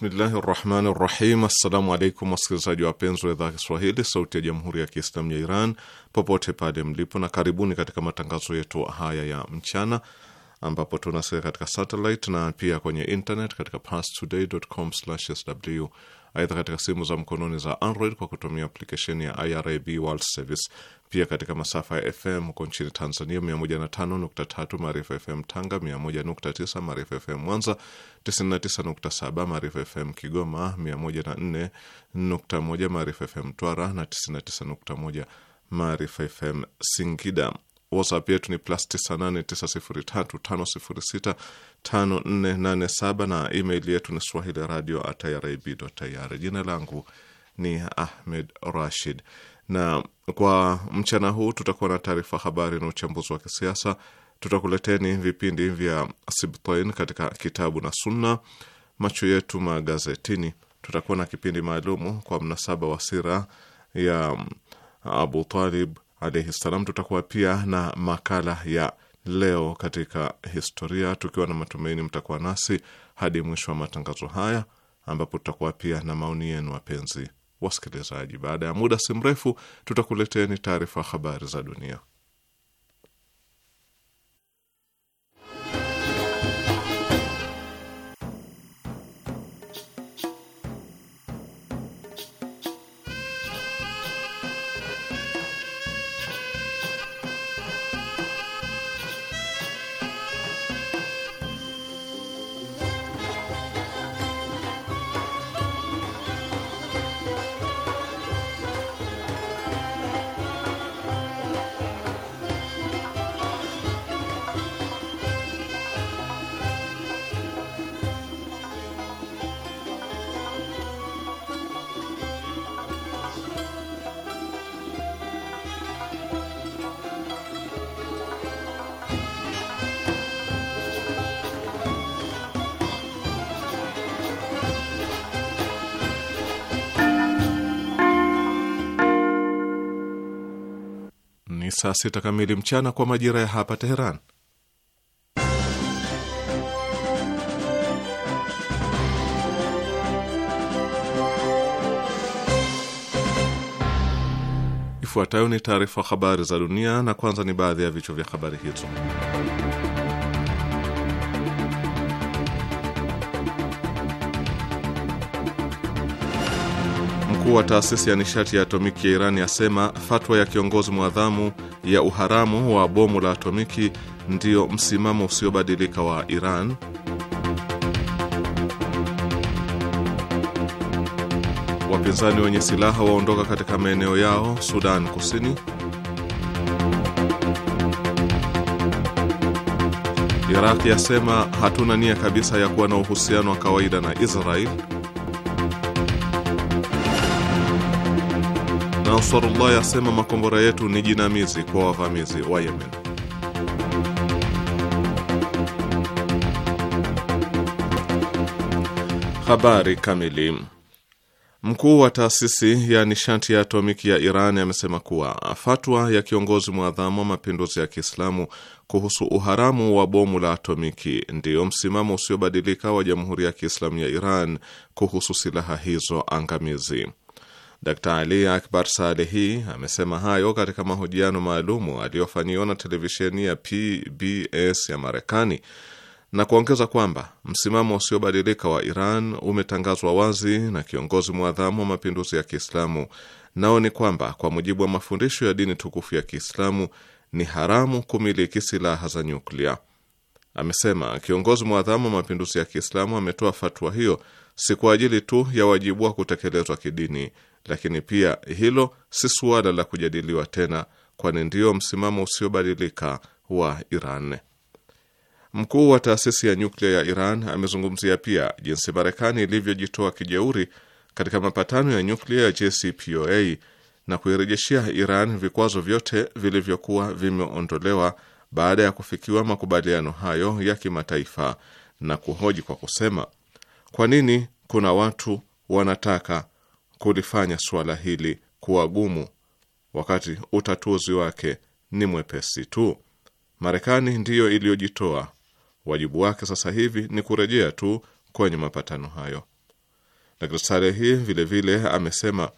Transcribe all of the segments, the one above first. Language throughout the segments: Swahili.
Bismillahi rahmani rahim. Assalamu alaikum wasikilizaji wapenzi wa idhaa Kiswahili sauti ya jamhuri ya Kiislamu ya Iran popote pale mlipo, na karibuni katika matangazo yetu haya ya mchana ambapo tunasikia katika satellite na pia kwenye internet katika parstoday.com/sw. Aidha, katika simu za mkononi za Android kwa kutumia aplikesheni ya IRIB World Service pia katika masafa ya FM huko nchini Tanzania, 105.3 Maarifa FM Tanga, 101.9 Maarifa FM Mwanza, 99.7 Maarifa FM Kigoma, 104.1 Maarifa FM Twara na 99.1 Maarifa FM Singida. WhatsApp yetu ni plus 989035065487 na email yetu ni swahili radio at irib.ir. Jina langu ni Ahmed Rashid na kwa mchana huu tutakuwa na taarifa habari na uchambuzi wa kisiasa. Tutakuleteni vipindi vya Sibtain katika kitabu na Sunna, macho yetu magazetini. Tutakuwa na kipindi maalumu kwa mnasaba wa sira ya Abu Talib alaihi ssalam. Tutakuwa pia na makala ya leo katika historia, tukiwa na matumaini mtakuwa nasi hadi mwisho wa matangazo haya, ambapo tutakuwa pia na maoni yenu, wapenzi wasikilizaji. Baada ya muda si mrefu, tutakuleteni taarifa habari za dunia. saa sita kamili mchana kwa majira ya hapa Teheran. Ifuatayo ni taarifa habari za dunia, na kwanza ni baadhi ya vichwa vya habari hizo. mkuu wa taasisi ya nishati ya atomiki ya Irani asema fatwa ya kiongozi mwadhamu ya uharamu wa bomu la atomiki ndiyo msimamo usiobadilika wa Iran. Wapinzani wenye silaha waondoka katika maeneo yao Sudan Kusini. Iraq yasema hatuna nia kabisa ya kuwa na uhusiano wa kawaida na Israel. Nasrullah yasema makombora yetu ni jinamizi kwa wavamizi wa Yemen. Habari kamili. Mkuu wa taasisi ya nishati ya atomiki ya Iran amesema kuwa fatwa ya kiongozi mwadhamu wa mapinduzi ya Kiislamu kuhusu uharamu wa bomu la atomiki ndiyo msimamo usiobadilika wa Jamhuri ya Kiislamu ya Iran kuhusu silaha hizo angamizi. Dkt Ali Akbar Salehi amesema hayo katika mahojiano maalumu aliyofanyiwa na televisheni ya PBS ya Marekani na kuongeza kwamba msimamo usiobadilika wa Iran umetangazwa wazi na kiongozi mwadhamu wa mapinduzi ya Kiislamu, nao ni kwamba kwa mujibu wa mafundisho ya dini tukufu ya Kiislamu ni haramu kumiliki silaha za nyuklia. Amesema kiongozi mwadhamu wa mapinduzi ya Kiislamu ametoa fatwa hiyo si kwa ajili tu ya wajibu wa kutekelezwa kidini lakini pia hilo si suala la kujadiliwa tena, kwani ndio msimamo usiobadilika wa Iran. Mkuu wa taasisi ya nyuklia ya Iran amezungumzia pia jinsi Marekani ilivyojitoa kijeuri katika mapatano ya nyuklia ya JCPOA na kuirejeshea Iran vikwazo vyote vilivyokuwa vimeondolewa baada ya kufikiwa makubaliano hayo ya kimataifa na kuhoji kwa kusema, kwa nini kuna watu wanataka kulifanya suala hili kuwa gumu, wakati utatuzi wake ni mwepesi tu. Marekani ndiyo iliyojitoa, wajibu wake sasa hivi ni kurejea tu kwenye mapatano hayo. Dr. Salehi vilevile amesema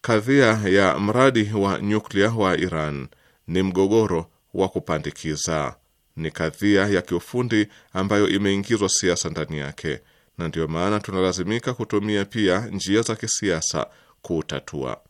kadhia ya mradi wa nyuklia wa Iran ni mgogoro wa kupandikiza, ni kadhia ya kiufundi ambayo imeingizwa siasa ndani yake na ndiyo maana tunalazimika kutumia pia njia za kisiasa kutatua,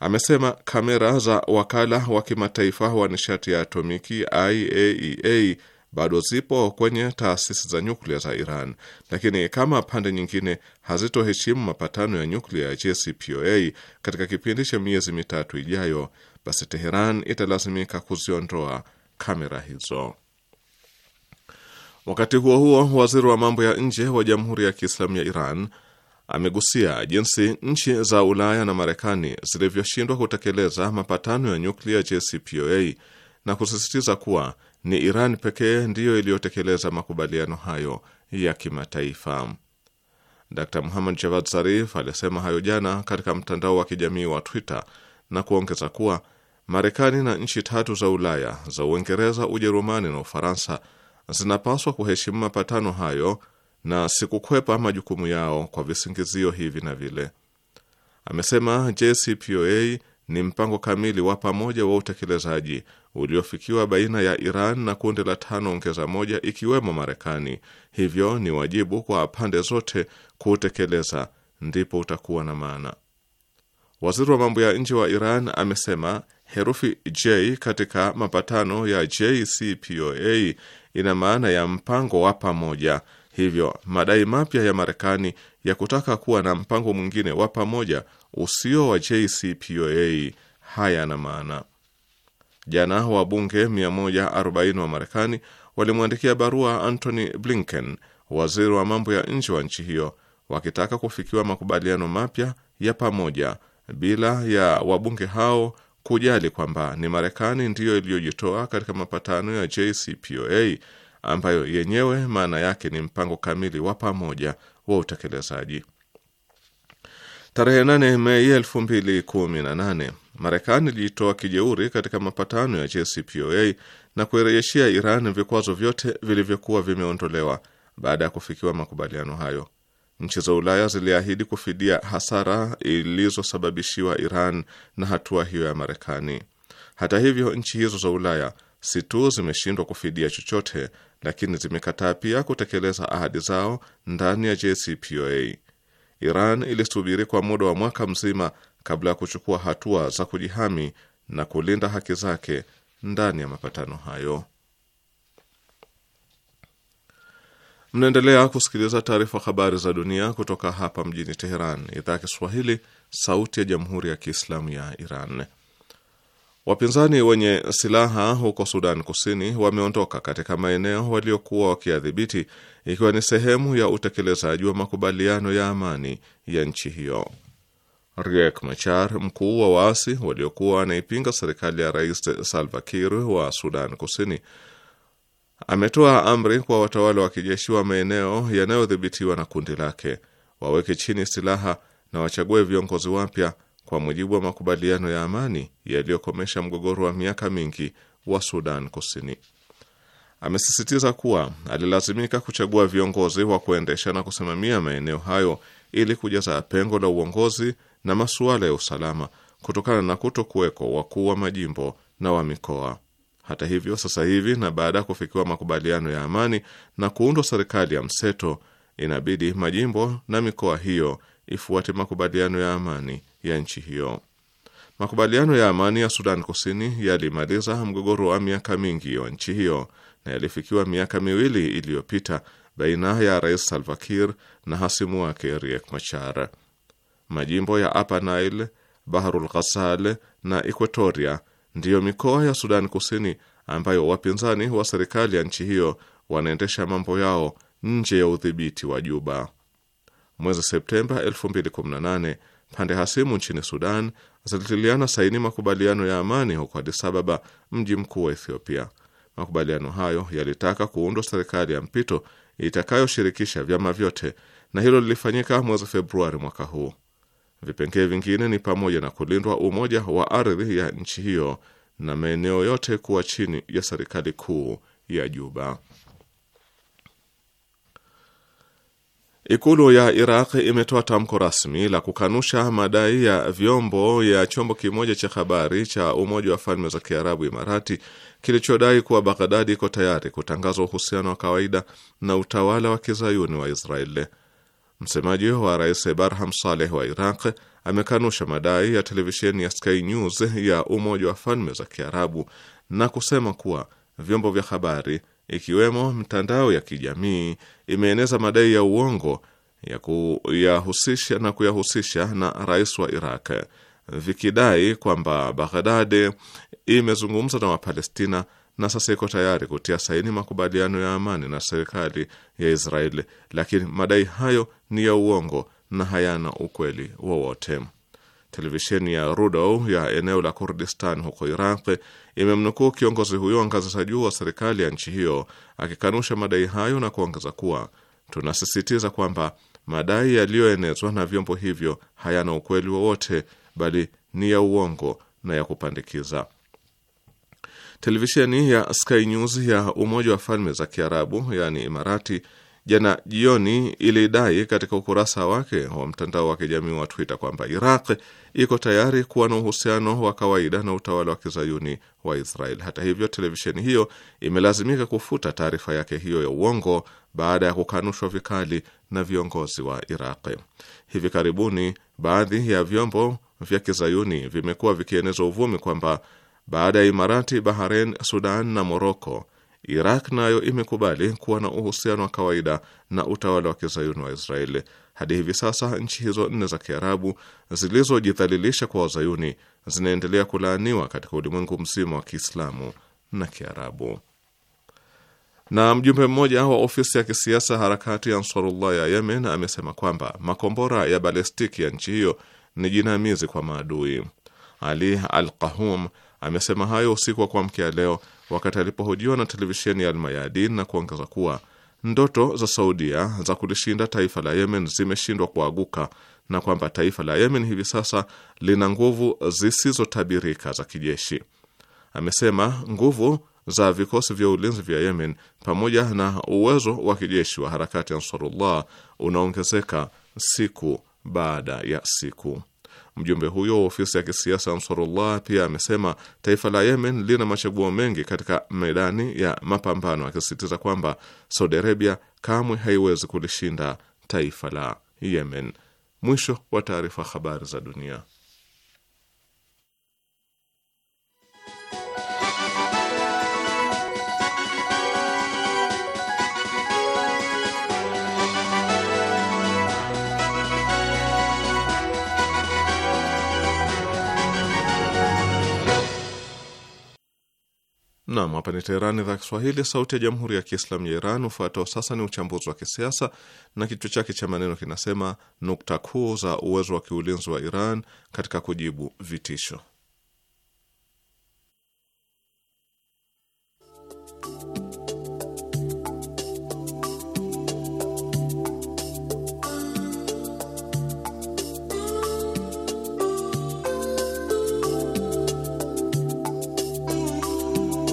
amesema. Kamera za wakala wa kimataifa wa nishati ya atomiki IAEA e bado zipo kwenye taasisi za nyuklia za Iran, lakini kama pande nyingine hazitoheshimu mapatano ya nyuklia ya JCPOA katika kipindi cha miezi mitatu ijayo, basi Teheran italazimika kuziondoa kamera hizo. Wakati huo huo, waziri wa mambo ya nje wa Jamhuri ya Kiislamu ya Iran amegusia jinsi nchi za Ulaya na Marekani zilivyoshindwa kutekeleza mapatano ya nyuklia JCPOA na kusisitiza kuwa ni Iran pekee ndiyo iliyotekeleza makubaliano hayo ya kimataifa. Dr Muhammad Javad Zarif alisema hayo jana katika mtandao wa kijamii wa Twitter na kuongeza kuwa Marekani na nchi tatu za Ulaya za Uingereza, Ujerumani na Ufaransa zinapaswa kuheshimu mapatano hayo na sikukwepa majukumu yao kwa visingizio hivi na vile. Amesema JCPOA ni mpango kamili wa pamoja wa utekelezaji uliofikiwa baina ya Iran na kundi la tano ongeza moja ikiwemo Marekani. Hivyo ni wajibu kwa pande zote kuutekeleza, ndipo utakuwa na maana. Waziri wa mambo ya nje wa Iran amesema herufi J katika mapatano ya JCPOA ina maana ya mpango wa pamoja. Hivyo madai mapya ya Marekani ya kutaka kuwa na mpango mwingine wa pamoja usio wa JCPOA hayana maana. Jana wabunge 140 wa Marekani walimwandikia barua Antony Blinken, waziri wa mambo ya nje wa nchi hiyo, wakitaka kufikiwa makubaliano mapya ya pamoja bila ya wabunge hao kujali kwamba ni Marekani ndiyo iliyojitoa katika mapatano ya JCPOA ambayo yenyewe maana yake ni mpango kamili wa pamoja wa utekelezaji. Tarehe 8 Mei 2018 Marekani ilijitoa kijeuri katika mapatano ya JCPOA na kuirejeshia Iran vikwazo vyote vilivyokuwa vimeondolewa baada ya kufikiwa makubaliano hayo. Nchi za Ulaya ziliahidi kufidia hasara ilizosababishiwa Iran na hatua hiyo ya Marekani. Hata hivyo, nchi hizo za Ulaya si tu zimeshindwa kufidia chochote, lakini zimekataa pia kutekeleza ahadi zao ndani ya JCPOA. Iran ilisubiri kwa muda wa mwaka mzima kabla ya kuchukua hatua za kujihami na kulinda haki zake ndani ya mapatano hayo. Mnaendelea kusikiliza taarifa habari za dunia kutoka hapa mjini Teheran, idhaa ya Kiswahili, sauti ya jamhuri ya kiislamu ya Iran. Wapinzani wenye silaha huko Sudan Kusini wameondoka katika maeneo waliokuwa wakiadhibiti ikiwa ni sehemu ya utekelezaji wa makubaliano ya amani ya nchi hiyo. Riek Machar, mkuu wa waasi waliokuwa wanaipinga serikali ya Rais Salva Kiir wa Sudan Kusini, ametoa amri kwa watawala wa kijeshi wa maeneo yanayodhibitiwa na kundi lake waweke chini silaha na wachague viongozi wapya kwa mujibu wa makubaliano ya amani yaliyokomesha mgogoro wa miaka mingi wa Sudan Kusini. Amesisitiza kuwa alilazimika kuchagua viongozi wa kuendesha na kusimamia maeneo hayo ili kujaza pengo la uongozi na masuala ya usalama kutokana na kuto kuweko wakuu wa majimbo na wa mikoa. Hata hivyo, sasa hivi na baada ya kufikiwa makubaliano ya amani na kuundwa serikali ya mseto, inabidi majimbo na mikoa hiyo ifuate makubaliano ya amani ya nchi hiyo. Makubaliano ya amani ya Sudan Kusini yalimaliza mgogoro wa miaka mingi wa nchi hiyo na yalifikiwa miaka miwili iliyopita baina ya Rais Salva Kiir na hasimu wake Riek Machar. Majimbo ya Upper Nile, Bahrul Ghasal na Equatoria ndiyo mikoa ya sudan Kusini ambayo wapinzani wa serikali ya nchi hiyo wanaendesha mambo yao nje ya udhibiti wa Juba. Mwezi Septemba 2018 pande hasimu nchini Sudan zilitiliana saini makubaliano ya amani huko Addis Ababa, mji mkuu wa Ethiopia. Makubaliano hayo yalitaka kuundwa serikali ya mpito itakayoshirikisha vyama vyote, na hilo lilifanyika mwezi Februari mwaka huu. Vipengee vingine ni pamoja na kulindwa umoja wa ardhi ya nchi hiyo na maeneo yote kuwa chini ya serikali kuu ya Juba. Ikulu ya Iraq imetoa tamko rasmi la kukanusha madai ya vyombo ya chombo kimoja cha habari cha Umoja wa Falme za Kiarabu Imarati kilichodai kuwa Baghdadi iko tayari kutangaza uhusiano wa kawaida na utawala wa kizayuni wa Israeli. Msemaji wa rais Barham Saleh wa Iraq amekanusha madai ya televisheni ya Sky News ya Umoja wa Falme za Kiarabu na kusema kuwa vyombo vya habari ikiwemo mtandao ya kijamii imeeneza madai ya uongo ya kuyahusisha na kuyahusisha na rais wa Iraq vikidai kwamba Baghdad imezungumza na Wapalestina na sasa iko tayari kutia saini makubaliano ya amani na serikali ya Israeli, lakini madai hayo ni ya uongo na hayana ukweli wowote. Televisheni ya Rudaw ya eneo la Kurdistan huko Iraq imemnukuu kiongozi huyo wa ngazi za juu wa serikali ya nchi hiyo akikanusha madai hayo na kuongeza kuwa, tunasisitiza kwamba madai yaliyoenezwa na vyombo hivyo hayana ukweli wowote, bali ni ya uongo na ya kupandikiza. Televisheni ya Sky News ya Umoja wa Falme za Kiarabu, yaani Imarati, jana jioni ilidai katika ukurasa wake wa mtandao wa kijamii wa Twitter kwamba Iraq iko tayari kuwa na uhusiano wa kawaida na utawala wa kizayuni wa Israel. Hata hivyo, televisheni hiyo imelazimika kufuta taarifa yake hiyo ya uongo baada ya kukanushwa vikali na viongozi wa Iraq. Hivi karibuni, baadhi ya vyombo vya kizayuni vimekuwa vikieneza uvumi kwamba baada ya Imarati, Bahrain, Sudan na Moroko Iraq nayo na imekubali kuwa na uhusiano wa kawaida na utawala wa kizayuni wa Israeli. Hadi hivi sasa nchi hizo nne za Kiarabu zilizojidhalilisha kwa wazayuni zinaendelea kulaaniwa katika ulimwengu mzima wa Kiislamu na Kiarabu. Na mjumbe mmoja wa ofisi ya kisiasa harakati ya Ansarullah ya Yemen amesema kwamba makombora ya balestiki ya nchi hiyo ni jinamizi kwa maadui. Ali Al Qahum amesema hayo usiku wa kuamkia leo wakati alipohojiwa na televisheni ya Almayadin na kuongeza kuwa ndoto za Saudia za kulishinda taifa la Yemen zimeshindwa kuaguka na kwamba taifa la Yemen hivi sasa lina nguvu zisizotabirika za kijeshi. Amesema nguvu za vikosi vya ulinzi vya Yemen pamoja na uwezo wa kijeshi wa harakati ya Ansarullah unaongezeka siku baada ya siku. Mjumbe huyo wa ofisi ya kisiasa Ansarullah pia amesema taifa la Yemen lina machaguo mengi katika medani ya mapambano, akisisitiza kwamba Saudi Arabia kamwe haiwezi kulishinda taifa la Yemen. Mwisho wa taarifa. Habari za dunia. Nam, hapa ni Teherani, idhaa Kiswahili, sauti ya jamhuri ya kiislamu ya Iran. Ufuatao sasa ni uchambuzi wa kisiasa na kichwa chake cha maneno kinasema nukta kuu za uwezo wa kiulinzi wa Iran katika kujibu vitisho.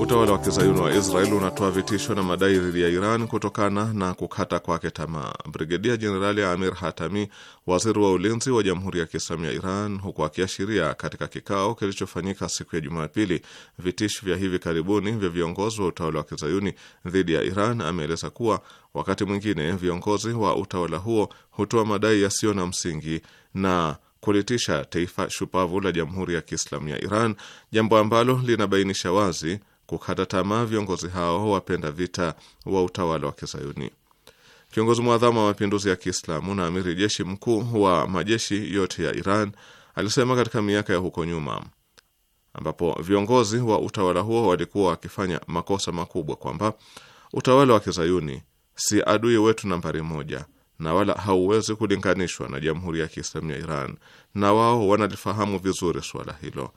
Utawala wa kizayuni wa Israel unatoa vitisho na madai dhidi ya Iran kutokana na kukata kwake tamaa. Brigedia Jenerali Amir Hatami, waziri wa ulinzi wa Jamhuri ya Kiislamu ya Iran, huku akiashiria katika kikao kilichofanyika siku ya Jumapili vitisho vya hivi karibuni vya viongozi wa utawala wa kizayuni dhidi ya Iran, ameeleza kuwa wakati mwingine viongozi wa utawala huo hutoa madai yasiyo na msingi na kulitisha taifa shupavu la Jamhuri ya Kiislamu ya Iran, jambo ambalo linabainisha wazi kukata tamaa viongozi hao wapenda vita wa utawala wa Kizayuni. Kiongozi mwadhamu wa mapinduzi ya Kiislamu na amiri jeshi mkuu wa majeshi yote ya Iran alisema katika miaka ya huko nyuma, ambapo viongozi wa utawala huo walikuwa wakifanya makosa makubwa, kwamba utawala wa Kizayuni si adui wetu nambari moja na wala hauwezi kulinganishwa na Jamhuri ya Kiislamu ya Iran, na wao wanalifahamu vizuri suala hilo.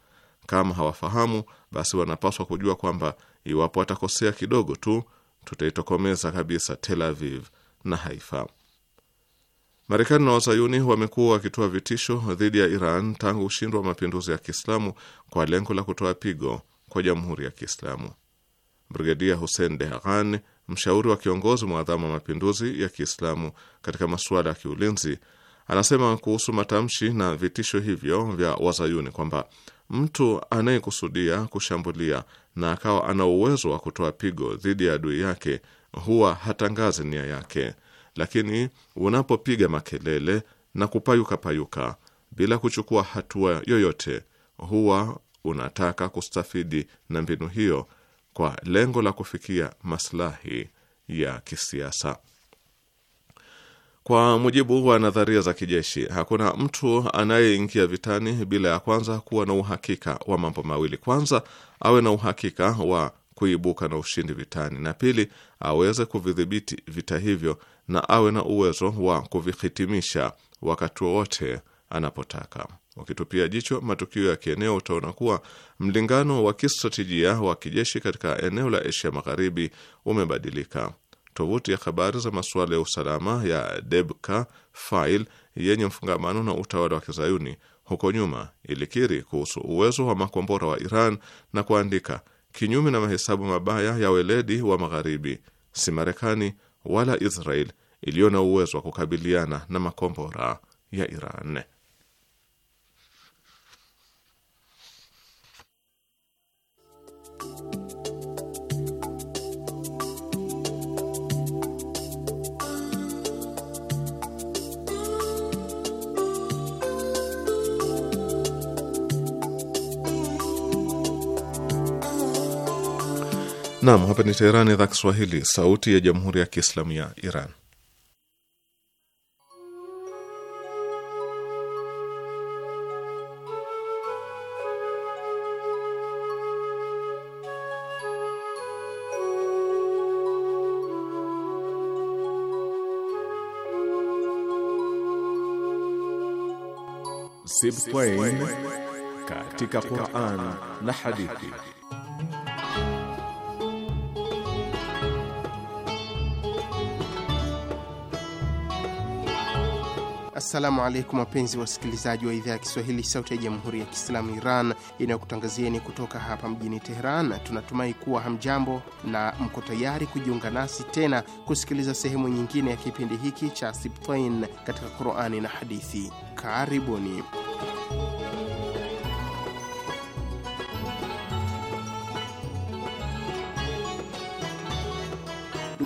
Kama hawafahamu, basi wanapaswa kujua kwamba iwapo watakosea kidogo tu, tutaitokomeza kabisa Tel Aviv na Haifa. Marekani na Wazayuni wamekuwa wakitoa vitisho dhidi ya Iran tangu ushindi wa mapinduzi ya Kiislamu kwa lengo la kutoa pigo kwa jamhuri ya Kiislamu. Brigedia Hussein Dehghan, mshauri wa kiongozi mwadhamu wa mapinduzi ya Kiislamu katika masuala ya kiulinzi, anasema kuhusu matamshi na vitisho hivyo vya Wazayuni kwamba mtu anayekusudia kushambulia na akawa ana uwezo wa kutoa pigo dhidi ya adui yake huwa hatangazi nia yake, lakini unapopiga makelele na kupayuka payuka bila kuchukua hatua yoyote, huwa unataka kustafidi na mbinu hiyo kwa lengo la kufikia maslahi ya kisiasa. Kwa mujibu wa nadharia za kijeshi, hakuna mtu anayeingia vitani bila ya kwanza kuwa na uhakika wa mambo mawili: kwanza, awe na uhakika wa kuibuka na ushindi vitani, na pili, aweze kuvidhibiti vita hivyo na awe na uwezo wa kuvihitimisha wakati wowote anapotaka. Ukitupia jicho matukio ya kieneo utaona kuwa mlingano wa kistratejia wa kijeshi katika eneo la Asia Magharibi umebadilika tovuti ya habari za masuala ya usalama ya Debka File yenye mfungamano na utawala wa kizayuni huko nyuma ilikiri kuhusu uwezo wa makombora wa Iran na kuandika, kinyume na mahesabu mabaya ya weledi wa Magharibi, si Marekani wala Israel iliyo na uwezo wa kukabiliana na makombora ya Iran. Naam, hapa ni Teherani, idhaa Kiswahili, sauti ya jamhuri ya kiislamu ya Iran. Sibtain katika Quran na hadithi Assalamu alaikum wapenzi wasikilizaji wa idhaa ya Kiswahili sauti ya jamhuri ya Kiislamu Iran inayokutangazieni kutoka hapa mjini Teheran. Tunatumai kuwa hamjambo na mko tayari kujiunga nasi tena kusikiliza sehemu nyingine ya kipindi hiki cha Sibtain katika Qurani na Hadithi. Karibuni.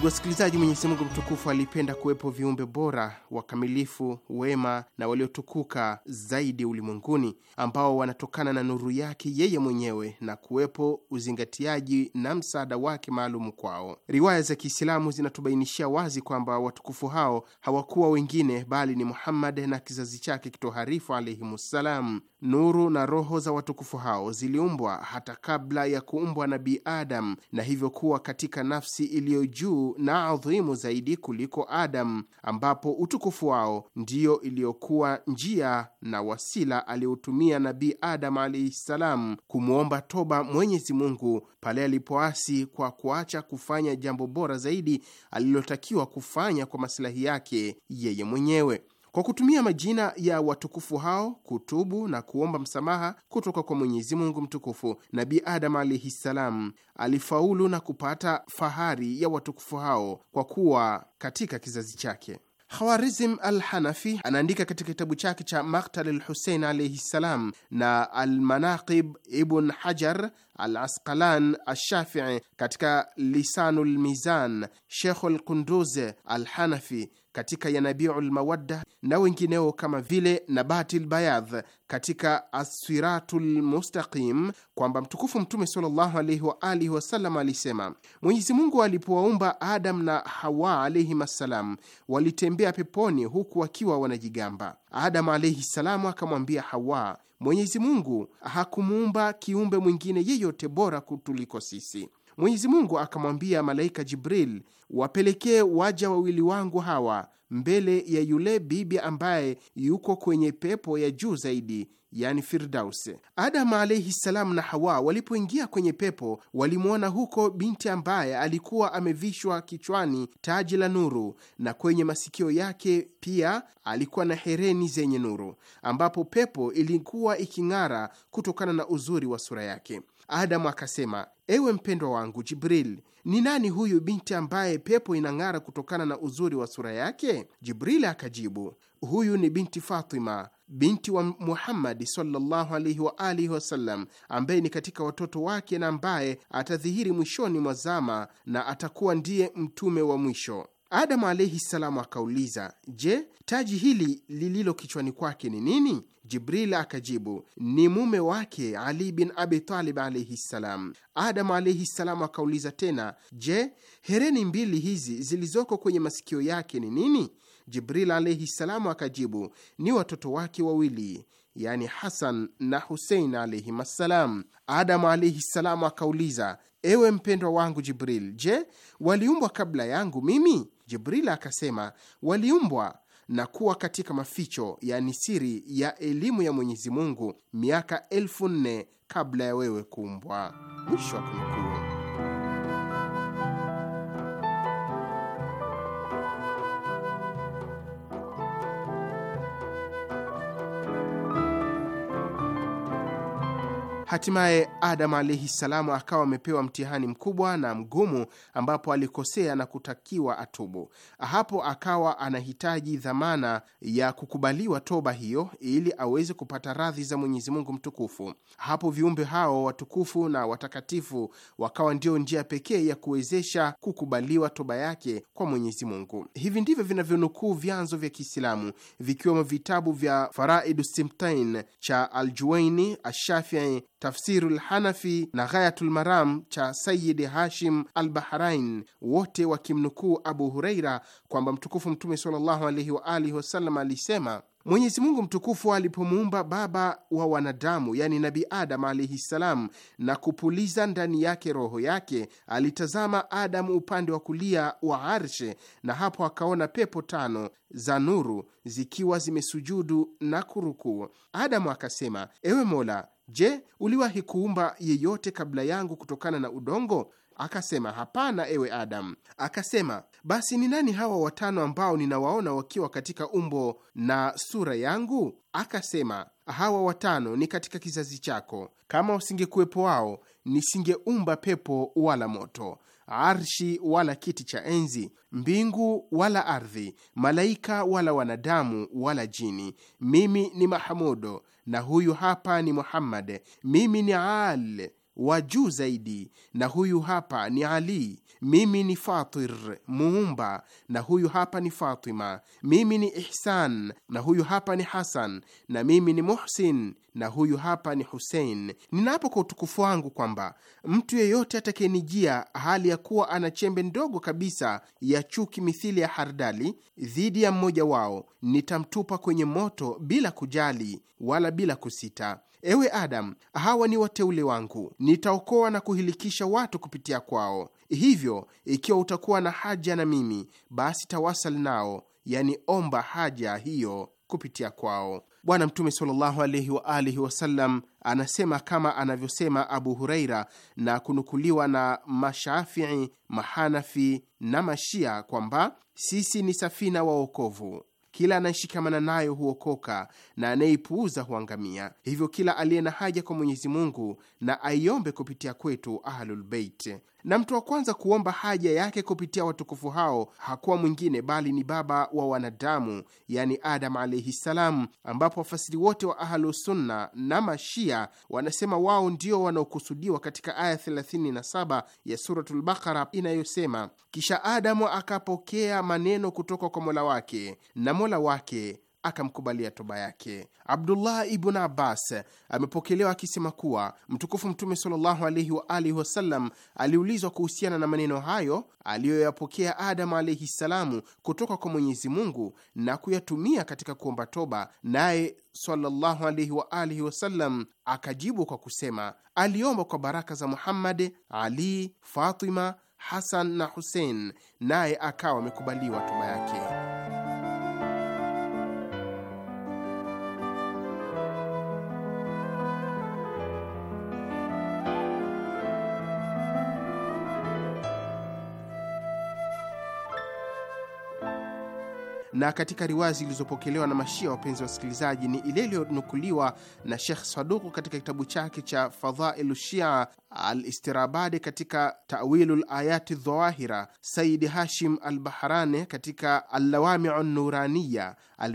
Ndugu wasikilizaji, Mwenyezi Mungu mtukufu alipenda kuwepo viumbe bora wakamilifu, wema na waliotukuka zaidi ulimwenguni ambao wanatokana na nuru yake yeye mwenyewe na kuwepo uzingatiaji na msaada wake maalum kwao. Riwaya za Kiislamu zinatubainishia wazi kwamba watukufu hao hawakuwa wengine bali ni Muhammad na kizazi chake kitoharifu alaihimussalam nuru na roho za watukufu hao ziliumbwa hata kabla ya kuumbwa Nabii Adam, na hivyo kuwa katika nafsi iliyo juu na adhimu zaidi kuliko Adam, ambapo utukufu wao ndiyo iliyokuwa njia na wasila aliotumia Nabii Adam alaihi ssalam kumwomba toba Mwenyezi Mungu pale alipoasi kwa kuacha kufanya jambo bora zaidi alilotakiwa kufanya kwa masilahi yake yeye mwenyewe. Kwa kutumia majina ya watukufu hao kutubu na kuomba msamaha kutoka kwa Mwenyezi Mungu Mtukufu, Nabi Adam alaihi ssalam alifaulu na kupata fahari ya watukufu hao kwa kuwa katika kizazi chake. Khawarizm Alhanafi anaandika katika kitabu chake cha Maktal Lhusein alaihi ssalam na Almanaqib, Ibn Hajar al Asqalan Alshafii katika Lisanu Lmizan, Shekhu Lkunduze Alhanafi katika Yanabiul Mawadda na wengineo kama vile Nabatil Bayadh katika Asiratul Mustaqim kwamba mtukufu Mtume sallallahu alaihi wa alihi wasallam alisema, Mwenyezi Mungu alipowaumba Adam na Hawa alaihim assalam, walitembea peponi huku wakiwa wanajigamba. Adam alaihi ssalamu akamwambia Hawa, Mwenyezi Mungu hakumuumba kiumbe mwingine yeyote bora kutuliko sisi. Mwenyezi Mungu akamwambia malaika Jibril, wapelekee waja wawili wangu hawa mbele ya yule bibi ambaye yuko kwenye pepo ya juu zaidi, yani Firdaus. Adamu alaihi salam na Hawa walipoingia kwenye pepo walimwona huko binti ambaye alikuwa amevishwa kichwani taji la nuru, na kwenye masikio yake pia alikuwa na hereni zenye nuru, ambapo pepo ilikuwa iking'ara kutokana na uzuri wa sura yake. Adamu akasema, ewe mpendwa wangu Jibril, ni nani huyu binti ambaye pepo inang'ara kutokana na uzuri wa sura yake? jibrili akajibu, huyu ni binti Fatima binti wa Muhammadi sallallahu alaihi wa alihi wasallam, ambaye ni katika watoto wake na ambaye atadhihiri mwishoni mwa zama na atakuwa ndiye mtume wa mwisho. Adamu alaihi salamu akauliza, je, taji hili lililo kichwani kwake ni nini? Jibril akajibu, ni mume wake Ali bin Abi Talib alaihi ssalam. Adamu alaihi ssalam akauliza tena, je, hereni mbili hizi zilizoko kwenye masikio yake ni nini? Jibril alaihi ssalamu akajibu, ni watoto wake wawili yani Hasan na Husein alaihim assalam. Adamu alaihi ssalamu akauliza, ewe mpendwa wangu Jibril, je, waliumbwa kabla yangu mimi? Jibril akasema, waliumbwa na kuwa katika maficho, yani siri ya elimu ya Mwenyezi Mungu miaka elfu nne kabla ya wewe kuumbwa. Mwisho wa kunukuu. Hatimaye Adam alaihi salamu akawa amepewa mtihani mkubwa na mgumu, ambapo alikosea na kutakiwa atubu. Hapo akawa anahitaji dhamana ya kukubaliwa toba hiyo, ili aweze kupata radhi za Mwenyezi Mungu Mtukufu. Hapo viumbe hao watukufu na watakatifu wakawa ndio njia pekee ya kuwezesha kukubaliwa toba yake kwa Mwenyezi Mungu. Hivi ndivyo vinavyonukuu vyanzo vya Kiislamu vikiwemo vitabu vya Faraidu Simtain cha Aljuwaini Ashafii Tafsiru lhanafi na Ghayatu Lmaram cha sayidi Hashim al Bahrain, wote wakimnukuu Abu Hureira kwamba mtukufu Mtume sallallahu alaihi wa alihi wasallam alisema Mwenyezi Mungu mtukufu alipomuumba baba wa wanadamu, yani Nabi Adam alaihi ssalam, na kupuliza ndani yake roho yake, alitazama Adamu upande wa kulia wa arshe, na hapo akaona pepo tano za nuru zikiwa zimesujudu na kurukuu. Adamu akasema, ewe Mola, Je, uliwahi kuumba yeyote kabla yangu kutokana na udongo? Akasema, hapana, ewe Adamu. Akasema, basi ni nani hawa watano ambao ninawaona wakiwa katika umbo na sura yangu? Akasema, hawa watano ni katika kizazi chako. Kama usingekuwepo wao, nisingeumba pepo wala moto, arshi wala kiti cha enzi, mbingu wala ardhi, malaika wala wanadamu wala jini. Mimi ni mahamudo na huyu hapa ni Muhammad. Mimi ni Al wa juu zaidi, na huyu hapa ni Ali mimi ni Fatir muumba, na huyu hapa ni Fatima. Mimi ni Ihsan, na huyu hapa ni Hasan, na mimi ni Muhsin, na huyu hapa ni Husein. Ninapo kwa utukufu wangu kwamba mtu yeyote atakayenijia hali ya kuwa ana chembe ndogo kabisa ya chuki mithili ya hardali dhidi ya mmoja wao, nitamtupa kwenye moto bila kujali wala bila kusita. Ewe Adam, hawa ni wateule wangu, nitaokoa na kuhilikisha watu kupitia kwao. Hivyo ikiwa utakuwa na haja na mimi, basi tawasal nao, yani omba haja hiyo kupitia kwao. Bwana Mtume sallallahu alaihi wa alihi wasallam anasema kama anavyosema Abu Hureira na kunukuliwa na Mashafii, Mahanafi na Mashia kwamba sisi ni safina wa wokovu kila anayeshikamana nayo huokoka na anayeipuuza huangamia. Hivyo kila aliye na haja kwa Mwenyezi Mungu na aiombe kupitia kwetu Ahlulbeit na mtu wa kwanza kuomba haja yake kupitia watukufu hao hakuwa mwingine bali ni baba wa wanadamu, yani Adam alaihi salam, ambapo wafasiri wote wa Ahlusunna na Mashia wanasema wao ndio wanaokusudiwa katika aya 37 ya Suratul Bakara inayosema, kisha Adamu akapokea maneno kutoka kwa mola wake na mola wake akamkubalia toba yake. Abdullah ibn Abbas amepokelewa akisema kuwa mtukufu Mtume sallallahu alaihi wa alihi wasallam aliulizwa kuhusiana na maneno hayo aliyoyapokea Adamu alaihi ssalamu kutoka kwa Mwenyezi Mungu na kuyatumia katika kuomba toba, naye sallallahu alaihi wa alihi wasallam akajibu kwa kusema, aliomba kwa baraka za Muhammad, Ali, Fatima, Hasan na Husein, naye akawa amekubaliwa toba yake. Na katika riwaya zilizopokelewa na Mashia, wapenzi wa wasikilizaji, ni ile iliyonukuliwa na Shekh Saduku katika kitabu chake cha Fadhailu Shia alistirabadi katika tawilu layati Dhawahira, Said Hashim Al-Bahrani katika Allawamiu Nuraniya, al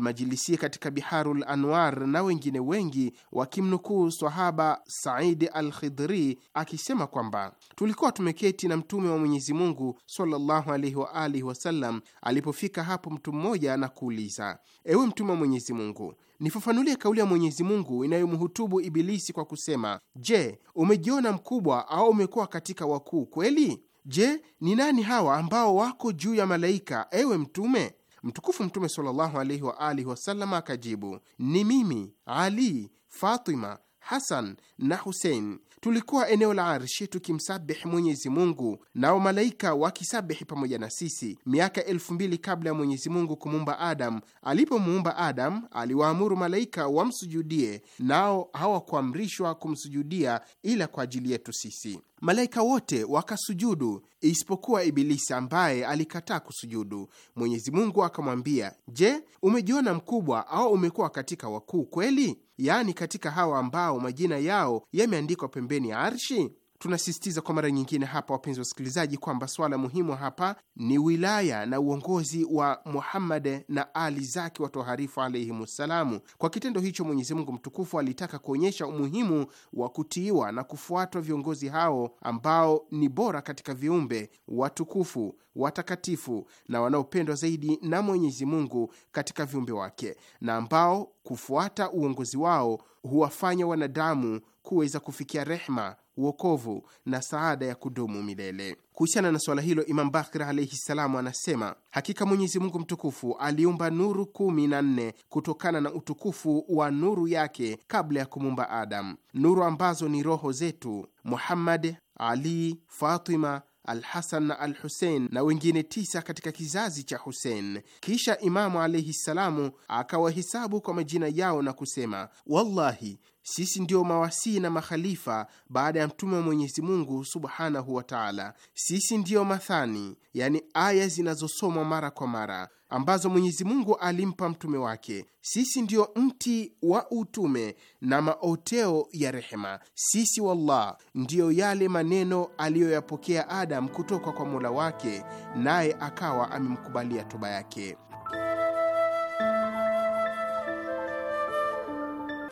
katika biharu Anwar na wengine wengi wakimnukuu sahaba Saidi Al-Khidri akisema kwamba tulikuwa tumeketi na Mtume wa Mwenyezi Mungu sallallahu alaihi wa alihi wasallam alipofika hapo mtu mmoja na kuuliza, ewe Mtume wa Mwenyezi Mungu, nifafanulie kauli ya Mwenyezi Mungu inayomhutubu Ibilisi kwa kusema: Je, umejiona mkubwa au umekuwa katika wakuu kweli? Je, ni nani hawa ambao wako juu ya malaika, ewe Mtume? Mtukufu Mtume sallallahu alaihi wa alihi wasallam akajibu: ni mimi Ali, Fatima, Hasan na Husein Tulikuwa eneo la arshi tukimsabihi Mwenyezi Mungu, nao malaika wakisabihi pamoja na sisi, miaka elfu mbili kabla ya Mwenyezi Mungu kumuumba adamu Alipomuumba Adam, aliwaamuru malaika wamsujudie, nao hawakuamrishwa kumsujudia ila kwa ajili yetu sisi. Malaika wote wakasujudu isipokuwa Ibilisi ambaye alikataa kusujudu. Mwenyezi Mungu akamwambia, Je, umejiona mkubwa au umekuwa katika wakuu kweli? yaani katika hawa ambao majina yao yameandikwa pembeni ya arshi? Tunasisitiza kwa mara nyingine hapa, wapenzi wasikilizaji, kwamba swala muhimu hapa ni wilaya na uongozi wa Muhammad na Ali zake watoharifu ssalamu. Kwa kitendo hicho, Mwenyezi Mungu mtukufu alitaka kuonyesha umuhimu wa kutiiwa na kufuatwa viongozi hao ambao ni bora katika viumbe watukufu watakatifu na wanaopendwa zaidi na Mwenyezi Mungu katika viumbe wake na ambao kufuata uongozi wao huwafanya wanadamu kuweza kufikia rehma, uokovu na saada ya kudumu milele. Kuhusiana na suala hilo, Imam Bakr alaihi ssalamu anasema hakika Mwenyezi Mungu mtukufu aliumba nuru kumi na nne kutokana na utukufu wa nuru yake kabla ya kumumba Adamu, nuru ambazo ni roho zetu Muhammad, Ali, Fatima alhasan na al Husein na wengine tisa katika kizazi cha Husein. Kisha Imamu alaihi ssalamu akawahesabu kwa majina yao na kusema, wallahi sisi ndio mawasii na makhalifa baada ya mtume wa Mwenyezi Mungu subhanahu wa taala. Sisi ndiyo mathani, yani aya zinazosomwa mara kwa mara ambazo Mwenyezi Mungu alimpa mtume wake. Sisi ndio mti wa utume na maoteo ya rehema. Sisi wallah, ndiyo yale maneno aliyoyapokea Adam kutoka kwa Mola wake, naye akawa amemkubalia toba yake.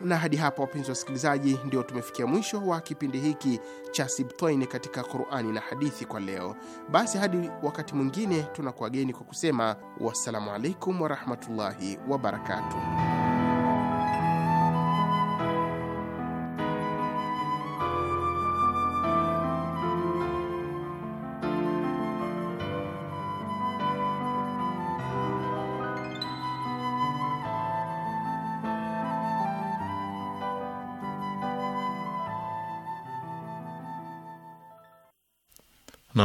Na hadi hapa, wapenzi wasikilizaji, ndio tumefikia mwisho wa kipindi hiki cha Sibtoin katika Qurani na hadithi kwa leo. Basi hadi wakati mwingine, tunakuwageni kwa kusema wassalamu alaikum warahmatullahi wabarakatuh.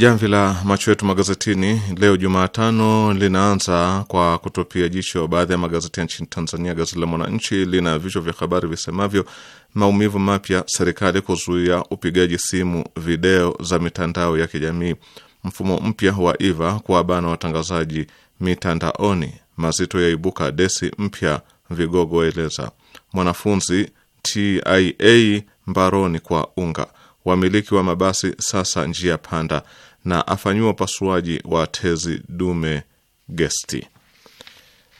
Jamvi la macho yetu magazetini leo Jumatano linaanza kwa kutupia jicho baadhi ya magazeti ya nchini Tanzania. Gazeti la Mwananchi lina vichwa vya habari visemavyo: maumivu mapya, serikali kuzuia upigaji simu video za mitandao ya kijamii; mfumo mpya wa iva kuwabana watangazaji mitandaoni; mazito yaibuka desi mpya, vigogo eleza mwanafunzi TIA mbaroni kwa unga; wamiliki wa mabasi sasa njia panda na afanyiwa upasuaji wa tezi dume gesti.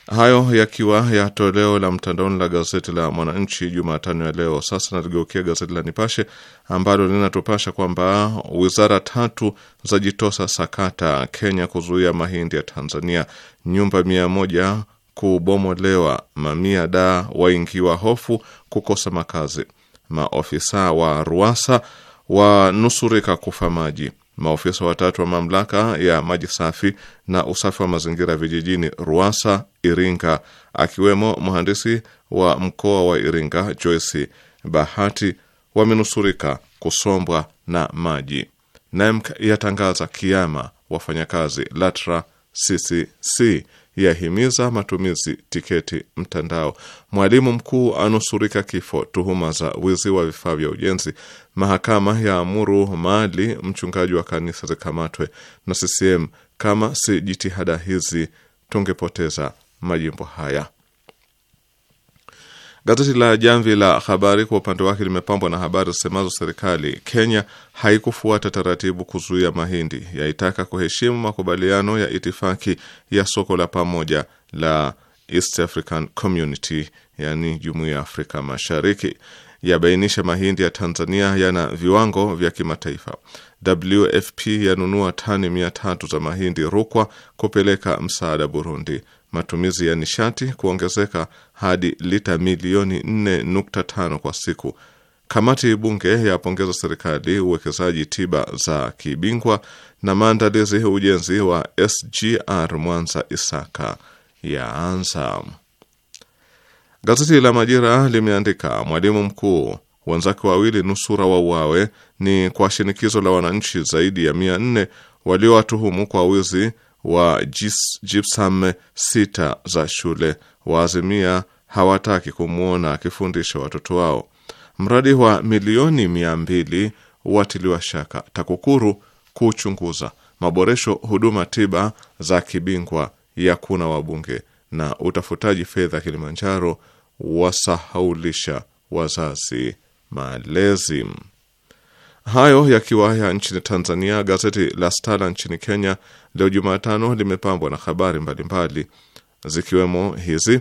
Hayo yakiwa ya toleo la mtandaoni la gazeti la Mwananchi Jumatano ya leo. Sasa naligeukia gazeti la Nipashe ambalo linatupasha kwamba wizara tatu za jitosa sakata Kenya kuzuia mahindi ya Tanzania, nyumba mia moja kubomolewa, mamia da waingiwa hofu kukosa makazi, maofisa wa Ruasa wanusurika kufa maji maofisa watatu wa mamlaka ya maji safi na usafi wa mazingira vijijini Ruasa, Iringa, akiwemo mhandisi wa mkoa wa Iringa Joyce Bahati wamenusurika kusombwa na maji. NEMC yatangaza kiama wafanyakazi LATRA CCC yahimiza matumizi tiketi mtandao. Mwalimu mkuu anusurika kifo tuhuma za wizi wa vifaa vya ujenzi. Mahakama ya amuru mali mchungaji wa kanisa zikamatwe. Na CCM, kama si jitihada hizi tungepoteza majimbo haya. Gazeti la Jamvi la Habari kwa upande wake limepambwa na habari zisemazo serikali Kenya haikufuata taratibu kuzuia mahindi, yaitaka kuheshimu makubaliano ya itifaki ya soko la pamoja la East African Community, yani Jumuiya ya Afrika Mashariki, yabainisha mahindi ya Tanzania yana viwango vya kimataifa. WFP yanunua tani mia tatu za mahindi Rukwa kupeleka msaada Burundi matumizi ya nishati kuongezeka hadi lita milioni 4.5 kwa siku. Kamati bunge yapongeza serikali uwekezaji tiba za kibingwa na maandalizi ujenzi wa SGR Mwanza Isaka yaanza. Gazeti la Majira limeandika mwalimu mkuu wenzake wawili nusura wauawe ni kwa shinikizo la wananchi zaidi ya mia nne waliowatuhumu kwa wizi wa Gypsum sita za shule waazimia hawataki kumwona akifundisha watoto wao. Mradi wa milioni mia mbili watiliwa shaka. TAKUKURU kuchunguza maboresho huduma tiba za kibingwa ya kuna wabunge na utafutaji fedha Kilimanjaro wasahaulisha wazazi malezi. Hayo yakiwa ya nchini Tanzania, gazeti la Stala nchini Kenya leo Jumatano limepambwa na habari mbalimbali zikiwemo hizi.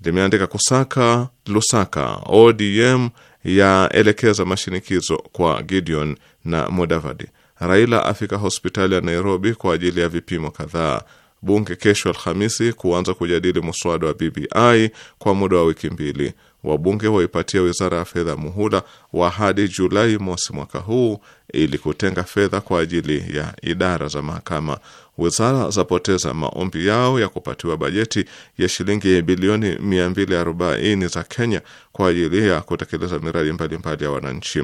Limeandika kusaka Lusaka, ODM yaelekeza mashinikizo kwa Gideon na Mudavadi. Raila afika hospitali ya Nairobi kwa ajili ya vipimo kadhaa. Bunge kesho Alhamisi kuanza kujadili muswada wa BBI kwa muda wa wiki mbili wabunge waipatia wizara ya fedha muhula wa hadi Julai mosi mwaka huu ili kutenga fedha kwa ajili ya idara za mahakama. Wizara zapoteza maombi yao ya kupatiwa bajeti ya shilingi bilioni 240 za Kenya kwa ajili ya kutekeleza miradi mbalimbali ya wananchi.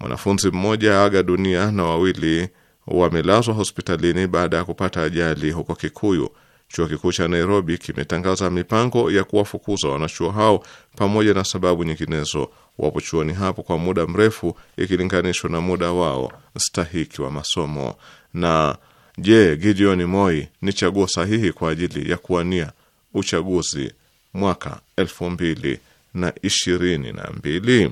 Mwanafunzi mmoja aga dunia na wawili wamelazwa hospitalini baada ya kupata ajali huko Kikuyu Chuo kikuu cha Nairobi kimetangaza mipango ya kuwafukuza wanachuo hao pamoja na sababu nyinginezo. Wapo chuoni hapo kwa muda mrefu ikilinganishwa na muda wao stahiki wa masomo. Na je, Gideon Moi ni chaguo sahihi kwa ajili ya kuwania uchaguzi mwaka elfu mbili na ishirini na mbili?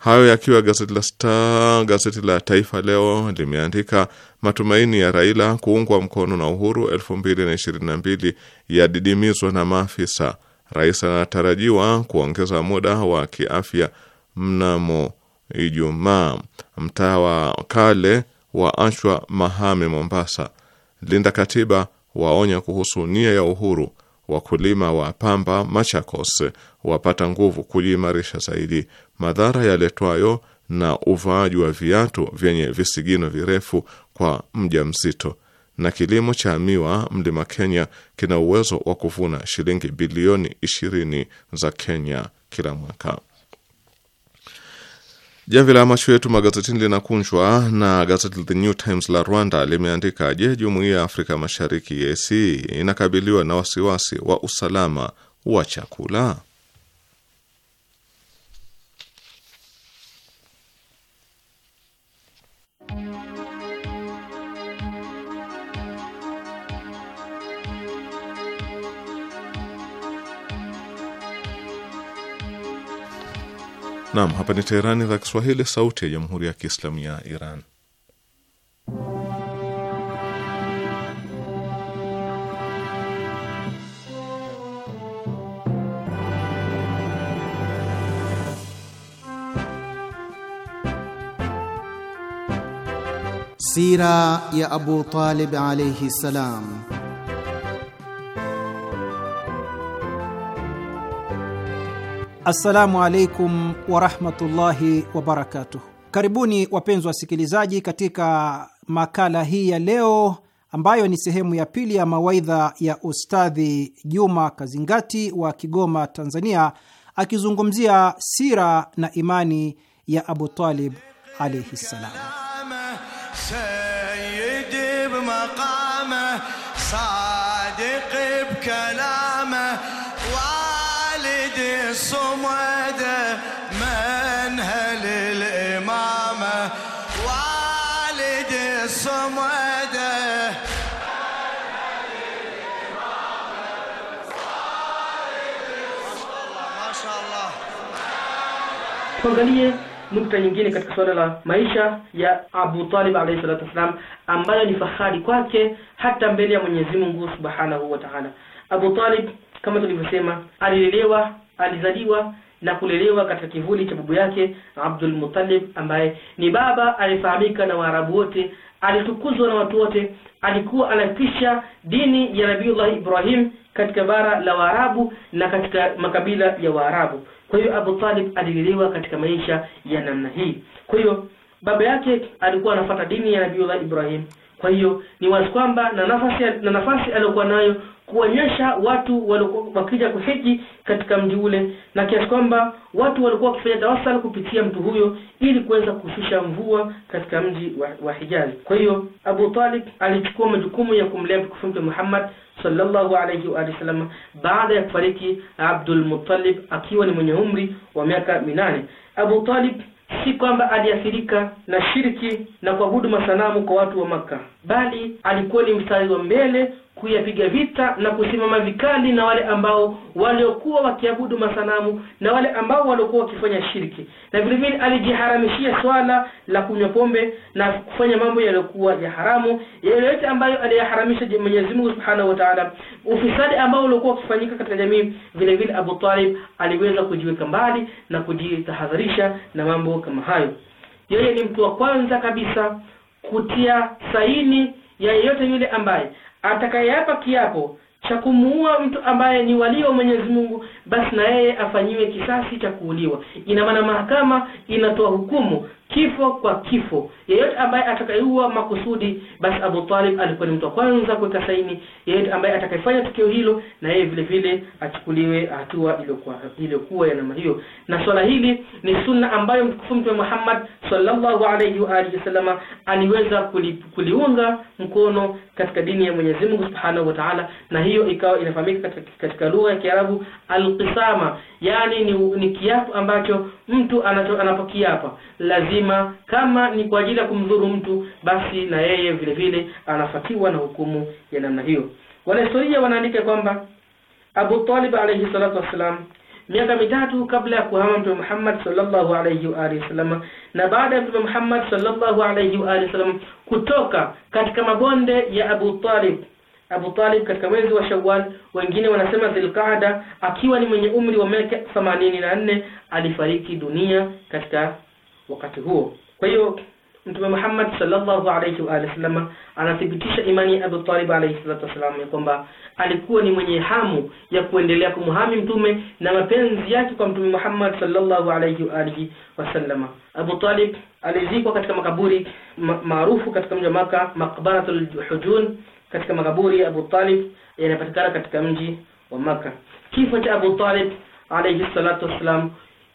Hayo yakiwa gazeti la Star. Gazeti la Taifa Leo limeandika matumaini ya Raila kuungwa mkono na Uhuru 2022 yadidimizwa na maafisa. Rais anatarajiwa kuongeza muda wa kiafya mnamo Ijumaa. Mtaa wa kale wa achwa mahame Mombasa. Linda katiba waonya kuhusu nia ya Uhuru. Wakulima wa pamba Machakos wapata nguvu kujiimarisha zaidi madhara yaletwayo na uvaaji wa viatu vyenye visigino virefu kwa mja mzito. Na kilimo cha miwa mlima Kenya kina uwezo wa kuvuna shilingi bilioni ishirini za Kenya kila mwaka. Jamvi la macho yetu magazetini linakunjwa na gazeti The New Times la Rwanda limeandika: Je, jumuiya ya Afrika Mashariki EAC inakabiliwa na wasiwasi wa usalama wa chakula? Naam, hapa ni Teherani za Kiswahili, sauti ya Jamhuri ya Kiislamu ya Iran. Sira ya Abu Talib alayhi salam. Assalamu alaikum warahmatullahi wabarakatuh. Karibuni wapenzi wasikilizaji, katika makala hii ya leo ambayo ni sehemu ya pili ya mawaidha ya Ustadhi Juma Kazingati wa Kigoma, Tanzania, akizungumzia sira na imani ya Abu Talib alaihi ssalam. tuangalie nukta nyingine katika suala la maisha ya Abu Talib alayhi salatu wasalam, ambayo ni fahari kwake hata mbele ya Mwenyezi Mungu subhanahu wa Ta'ala. Abu Talib kama tulivyosema, alilelewa, alizaliwa na kulelewa katika kivuli cha babu yake Abdul Muttalib, ambaye ni baba alifahamika na Waarabu wote, alitukuzwa na watu wote, alikuwa anatisha dini ya Nabiullah Ibrahim katika bara la Waarabu na katika makabila ya Waarabu. Kwa hiyo Abu Talib alilelewa katika maisha ya namna hii. Kwa hiyo baba yake alikuwa anafuata dini ya Nabiullah Ibrahim. Kwa hiyo ni wazi kwamba na nafasi na nafasi aliyokuwa nayo kuonyesha watu walikuwa wakija kuhiji katika mji ule, na kiasi kwamba watu walikuwa wakifanya tawassul kupitia mtu huyo ili kuweza kushusha mvua katika mji wa, wa Hijazi. Kwa hiyo Abu Talib alichukua majukumu ya kumlea mtukufu Mtume Muhammad sallallahu alayhi wa sallam baada ya kufariki Abdul Muttalib akiwa ni mwenye umri wa miaka minane. Abu Talib si kwamba aliathirika na shirki na kuabudu masanamu kwa watu wa Makka, bali alikuwa ni mstari wa mbele kuyapiga vita na kusimama vikali na wale ambao waliokuwa wakiabudu masanamu na wale ambao waliokuwa wakifanya shirki, na vile vile alijiharamishia swala la kunywa pombe na kufanya mambo yaliyokuwa ya haramu, yale yote ambayo aliyaharamisha Mwenyezi Mungu Subhanahu wa Ta'ala. Ufisadi ambao uliokuwa ukifanyika katika jamii, vile vile Abu Talib aliweza kujiweka mbali na kujitahadharisha na mambo kama hayo. Yeye ni mtu wa kwanza kabisa kutia saini ya yeyote yule ambaye atakayeapa kiapo cha kumuua mtu ambaye ni walio wa Mwenyezi Mungu, basi na yeye afanyiwe kisasi cha kuuliwa. Ina maana mahakama inatoa hukumu kifo kwa kifo. Yeyote ambaye atakayeua makusudi, basi Abu Talib alikuwa ni mtu wa kwanza kuweka saini. Yeyote ambaye atakayefanya tukio hilo, na yeye vile vile achukuliwe hatua iliyokuwa ya namna hiyo. Na swala hili ni sunna ambayo mtukufu Mtume Muhammad sallallahu alayhi wa alihi wasallama aliweza kuli, kuliunga mkono katika dini ya Mwenyezi Mungu subhanahu wa taala, na hiyo ikawa inafahamika katika, katika lugha ya Kiarabu alqisama yaani ni, ni kiapo ambacho mtu anapokiapa lazima kama ni kwa ajili ya kumdhuru mtu basi na yeye vile vile anafatiwa na hukumu ya namna hiyo wanahistoria wanaandika kwamba Abu Talib alayhi salatu wassalam miaka mitatu kabla ya kuhama mtume Muhammad sallallahu alayhi wa alihi na baada ya mtume Muhammad sallallahu alayhi wa alihi kutoka katika mabonde ya Abu Talib Abu Talib katika mwezi wa Shawwal, wengine wanasema Dhulqaada, akiwa ni mwenye umri wa miaka themanini na nne alifariki dunia katika wakati huo. Kwa hiyo Mtume Muhammad sallallahu alayhi wa sallam anathibitisha imani ya Abu Talib alayhi salatu wasallam ya kwamba alikuwa ni mwenye hamu ya kuendelea kumhami mtume na mapenzi yake kwa Mtume Muhammad sallallahu alayhi wa alihi wasallam. Abu Talib alizikwa katika makaburi maarufu katika mji wa Maka, Maqbaratul Hujun katika makaburi ya Abu Talib yanapatikana katika mji wa makka Kifo cha Abu Talib alayhi salatu wasalam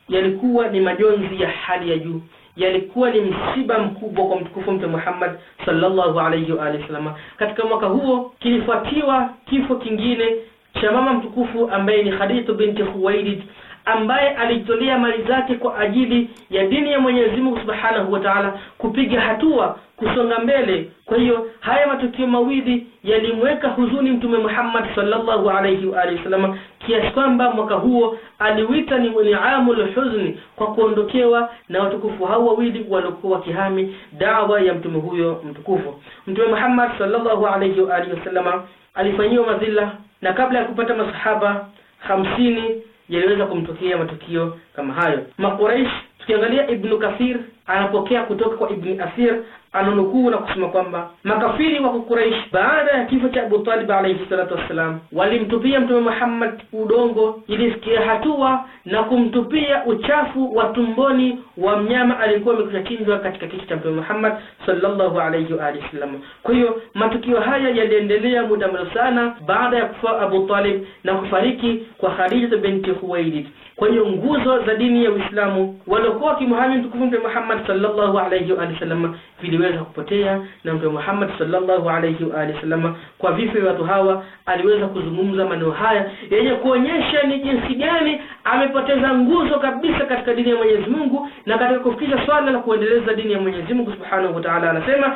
yalikuwa ni majonzi ya hali ya juu, yalikuwa ni msiba mkubwa kwa mtukufu Mtume Muhammad sallallahu alayhi wa alihi wasallam. Katika mwaka huo kilifuatiwa kifo kingine cha mama mtukufu ambaye ni Khadija binti Khuwailid ambaye alijitolea mali zake kwa ajili ya dini ya Mwenyezi Mungu Subhanahu wa Ta'ala kupiga hatua kusonga mbele kwa hiyo haya matukio mawili yalimweka huzuni mtume Muhammad sallallahu alayhi wa alihi wasallam kiasi kwamba mwaka huo aliwita ni ni'amul huzni kwa kuondokewa na watukufu hao wawili waliokuwa wakihami dawa ya mtume huyo mtukufu mtume Muhammad sallallahu alayhi wa alihi wasallam alifanyiwa madhila na kabla ya kupata masahaba hamsini yaliweza kumtokea matukio kama hayo Makuraish. Tukiangalia Ibnu Kathir anapokea kutoka kwa Ibni Asir ananukuu na kusema kwamba makafiri wa Quraysh baada ya kifo cha Abu Talib alayhi salatu wassalam, walimtupia Mtume Muhammad udongo ilisikia hatua na kumtupia uchafu wa tumboni wa mnyama alikuwa amekwisha chinjwa katika kiti cha Mtume Muhammad sallallahu alayhi wa alihi wasallam. Kwa hiyo matukio haya yaliendelea muda mrefu sana baada ya kufa Abu Talib na kufariki kwa Khadija binti Khuwailid kwenye nguzo za dini ya Uislamu waliokuwa wakimhami mtukufu Mtume Muhammad sallallahu alayhi wa sallam viliweza kupotea, na Mtume Muhammad sallallahu alayhi wa sallam kwa vifo vya watu hawa aliweza kuzungumza maneno haya yenye kuonyesha ni jinsi gani amepoteza nguzo kabisa katika dini ya Mwenyezi Mungu na katika kufikisha swala la kuendeleza dini ya Mwenyezi Mungu Subhanahu wa Ta'ala. Anasema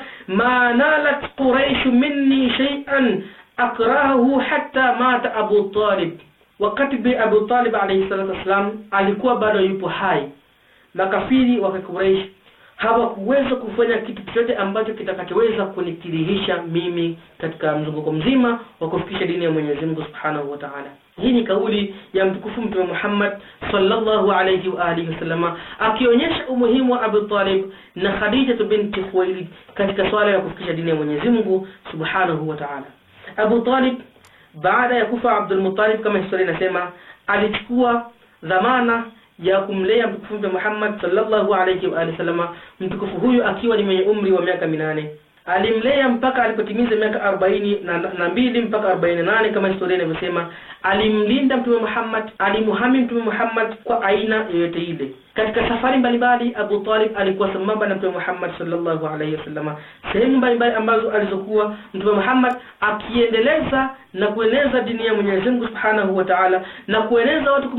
nalat quraish minni shay'an akrahahu hatta mata Abu Talib Wakati bi Abu Talib alayhi salatu wasalam alikuwa bado yupo hai, makafiri wa Quraysh hawakuweza kufanya kitu chochote ambacho kitakachoweza kunikirihisha mimi katika mzunguko mzima wa kufikisha dini ya Mwenyezi Mungu Subhanahu wa Ta'ala. Hii ni kauli ya mtukufu Mtume Muhammad sallallahu alayhi wa alihi wasallama akionyesha umuhimu wa Abu Talib na Khadija binti Khuwailid katika swala ya kufikisha dini ya Mwenyezi Mungu Subhanahu wa Ta'ala. Abu Talib baada ya kufa Abdul Muttalib, kama historia inasema, alichukua dhamana ya kumlea mtukufu Mtume Muhammad sallallahu alayhi wa alihi wasallam, mtukufu huyu akiwa ni mwenye umri wa miaka minane alimlea mpaka alipotimiza miaka arobaini na mbili mpaka arobaini na nane kama historia inavyosema. Alimlinda Mtume Muhammad, alimuhami Mtume Muhammad kwa aina yoyote ile. Katika safari mbalimbali, Abu Talib alikuwa sambamba na Mtume Muhammad salllahu alaihi wasalama sehemu mbalimbali ambazo alizokuwa Mtume Muhammad akiendeleza na kueneza dini ya Mwenyezi Mungu subhanahu wa taala na kueneza watu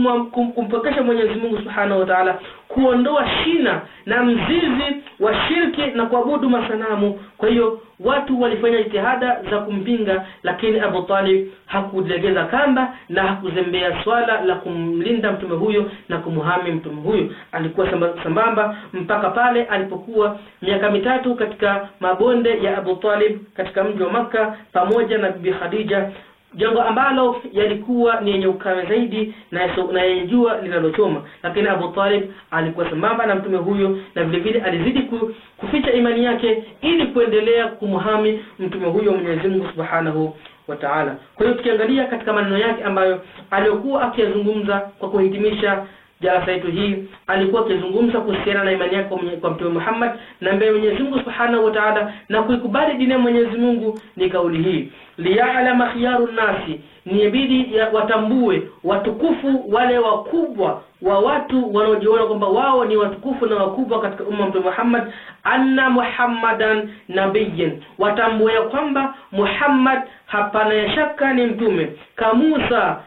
kumpokesha Mwenyezi Mungu subhanahu wa taala kuondoa shina na mzizi wa shirki na kuabudu masanamu. Kwa hiyo watu walifanya jitihada za kumpinga, lakini Abu Talib hakulegeza kamba na hakuzembea swala la kumlinda mtume huyo na kumhami mtume huyo. Alikuwa sambamba mpaka pale alipokuwa miaka mitatu katika mabonde ya Abu Talib katika mji wa Makka pamoja na Bibi Khadija jambo ambalo yalikuwa ni yenye ukame zaidi na na yenye jua linalochoma, lakini Abu Talib alikuwa sambamba na mtume huyo, na vile vile alizidi kuficha imani yake ili kuendelea kumhami mtume huyo Mwenyezi Mungu Subhanahu wa Ta'ala. Kwa hiyo tukiangalia katika maneno yake ambayo aliyokuwa akiyazungumza kwa kuhitimisha jalasa yetu hii, alikuwa akizungumza kuhusiana na imani yake kwa mtume Muhammad na mbele Mwenyezi Mungu Subhanahu wa Ta'ala na kuikubali dini ya Mwenyezi Mungu ni kauli hii liyalama khiyaru nnasi, ni ibidi watambue watukufu wale wakubwa wa watu wanaojiona kwamba wao ni watukufu na wakubwa katika umma Mtume Muhammad, anna Muhammadan nabiyyan, watambue ya kwamba Muhammad hapana shaka ni mtume, ka Musa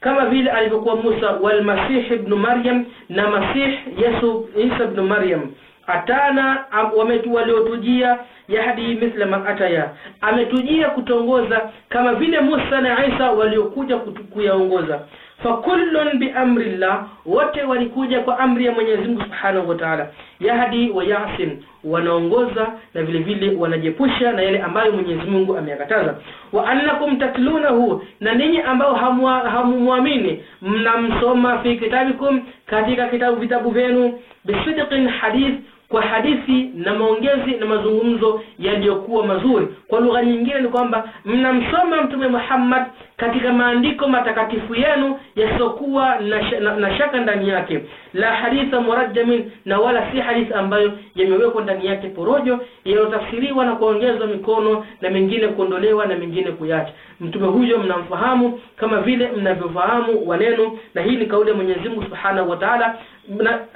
kama vile alivyokuwa Musa, walmasih ibnu Maryam, na Masih Yesu Isa ibnu Maryam atana waliotujia yahdi mithla ma ataya, ametujia kutongoza kama vile Musa na Isa waliokuja kuyaongoza. Fakullun biamri llah, wote walikuja kwa amri ya Mwenyezi Mungu subhanahu wa taala. Yahdi wa yasin, wanaongoza na vile vile wanajepusha na yale ambayo Mwenyezi Mungu ameyakataza. Wa annakum tatlunahu, na ninyi ambao hamumwamini mnamsoma fi kitabikum, katika kitabu vitabu vyenu bisidqi hadith kwa hadithi na maongezi na mazungumzo yaliyokuwa mazuri. Kwa lugha nyingine ni kwamba mnamsoma Mtume Muhammad katika maandiko matakatifu yenu yasiokuwa na, sh na, na shaka ndani yake la haditha murajamin na wala si hadith ambayo yamewekwa ndani yake porojo yanayotafsiriwa na kuongezwa mikono na mengine kuondolewa na mengine kuyacha mtume huyo mnamfahamu kama vile mnavyofahamu wanenu na hii ni kauli ya Mwenyezi Mungu Subhanahu wa Ta'ala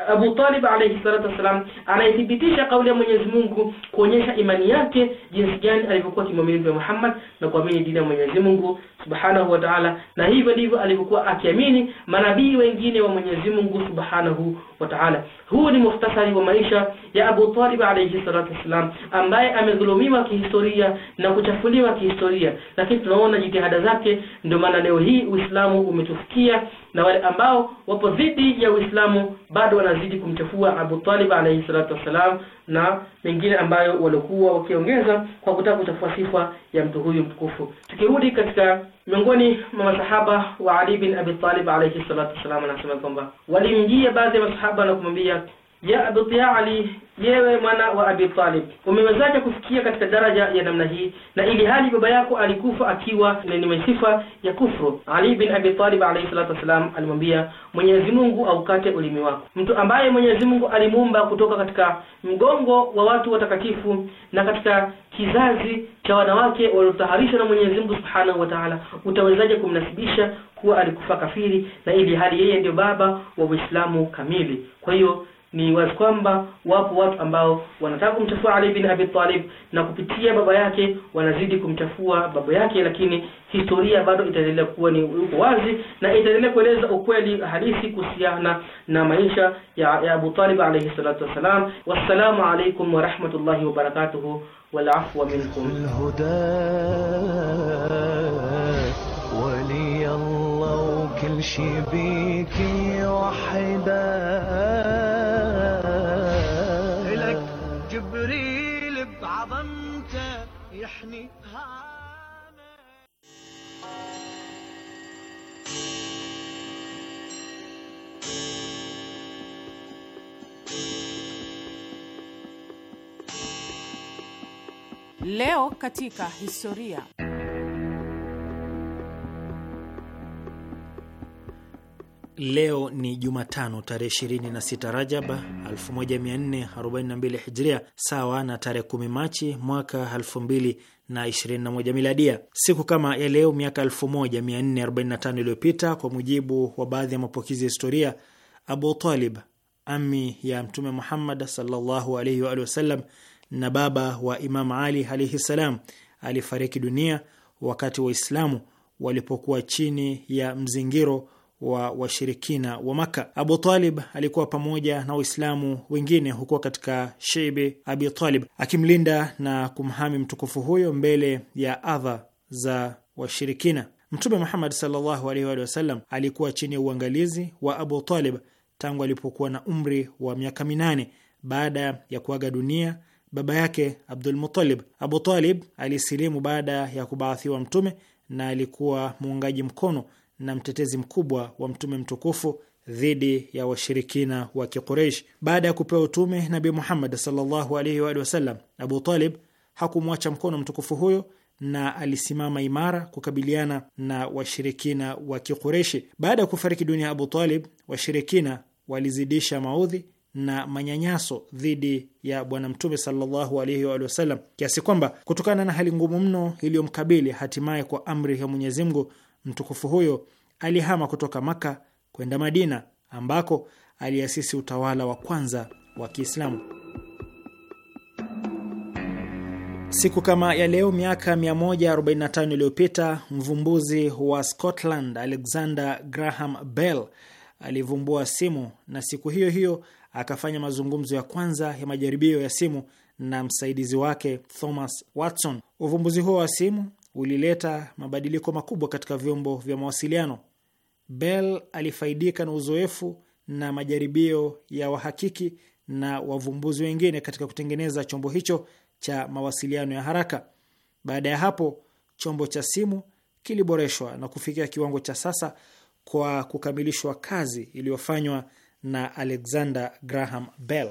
Abu Talib alayhi salatu wasalam anaithibitisha kauli ya Mwenyezi Mungu kuonyesha imani yake jinsi gani alivyokuwa kimwamini Mtume Muhammad na kuamini dini ya Mwenyezi Mungu Subhanahu subhanahu wa ta'ala, na hivyo ndivyo alivyokuwa akiamini manabii wengine wa Mwenyezi Mungu subhanahu wa ta'ala. Huu ni muhtasari wa maisha ya Abu Talib alayhi salatu wassalam, ambaye amedhulumiwa kihistoria na kuchafuliwa kihistoria, lakini tunaona jitihada zake. Ndio maana leo hii Uislamu umetufikia na wale ambao wapo dhidi ya Uislamu bado wanazidi kumchafua Abu Talib alayhi salatu wassalam, na mengine ambayo walikuwa wakiongeza kwa kutaka kuchafua sifa ya mtu huyu mtukufu. Tukirudi katika miongoni mwa masahaba wa Ali bin Abi Talib alayhi salatu wassalam, anasema kwamba walimjia baadhi ya masahaba na kumwambia ya abi ali yewe mwana wa abi talib umewezaje kufikia katika daraja ya namna hii na ili hali baba yako alikufa akiwa ni sifa ya kufru ali bin abi talib alayhi salatu wassalam alimwambia mwenyezi mungu aukate ulimi wako mtu ambaye mwenyezi mungu alimuumba kutoka katika mgongo wa watu watakatifu na katika kizazi cha wanawake waliotaharishwa na mwenyezi mungu subhanahu wa taala utawezaje kumnasibisha kuwa alikufa kafiri na ili hali yeye ndio baba wa uislamu kamili kwa hiyo ni wazi kwamba wapo watu ambao wanataka kumchafua Ali bin Abi Talib na kupitia baba yake wanazidi kumchafua baba yake, lakini historia bado itaendelea kuwa ni uko wazi na itaendelea kueleza ukweli halisi kuhusiana na maisha ya, ya Abu Talib alayhi salatu wassalam. Wassalamu alaykum wa rahmatullahi wa barakatuhu wal afwa minkum Leo katika historia. Leo ni Jumatano tarehe 26 Rajaba 1442 Hijria, sawa na tarehe 10 Machi mwaka 2021 Miladia. Siku kama ya leo miaka 1445 iliyopita, kwa mujibu wa baadhi ya mapokezi ya historia, Abu Talib ami ya Mtume Muhammad sallallahu alaihi wa alihi wasallam na baba wa Imam Ali alaihi salam, alifariki dunia wakati Waislamu walipokuwa chini ya mzingiro wa washirikina wa Maka. Abu Talib alikuwa pamoja na Waislamu wengine huko katika shibi Abi Talib, akimlinda na kumhami mtukufu huyo mbele ya adha za washirikina. Mtume Muhammad sallallahu alaihi wa sallam alikuwa chini ya uangalizi wa Abu Talib tangu alipokuwa na umri wa miaka minane baada ya kuaga dunia baba yake Abdulmutalib. Abu Talib alisilimu baada ya kubaathiwa Mtume na alikuwa muungaji mkono na mtetezi mkubwa wa Mtume mtukufu dhidi ya washirikina wa Kikureish. Baada ya kupewa utume Nabi Muhammad sallallahu alaihi wa sallam, Abu Talib hakumwacha mkono mtukufu huyo na alisimama imara kukabiliana na washirikina wa Kikureishi. Baada ya kufariki dunia Abu Talib, washirikina walizidisha maudhi na manyanyaso dhidi ya Bwana Mtume sallallahu alaihi wa wasallam, kiasi kwamba kutokana na hali ngumu mno iliyomkabili, hatimaye kwa amri ya Mwenyezi Mungu mtukufu huyo alihama kutoka Maka kwenda Madina ambako aliasisi utawala wa kwanza wa Kiislamu. Siku kama ya leo miaka 145 iliyopita mvumbuzi wa Scotland Alexander Graham Bell alivumbua simu, na siku hiyo hiyo akafanya mazungumzo ya kwanza ya majaribio ya simu na msaidizi wake Thomas Watson. Uvumbuzi huo wa simu ulileta mabadiliko makubwa katika vyombo vya mawasiliano. Bell alifaidika na uzoefu na majaribio ya wahakiki na wavumbuzi wengine katika kutengeneza chombo hicho cha mawasiliano ya haraka. Baada ya hapo, chombo cha simu kiliboreshwa na kufikia kiwango cha sasa kwa kukamilishwa kazi iliyofanywa na Alexander Graham Bell.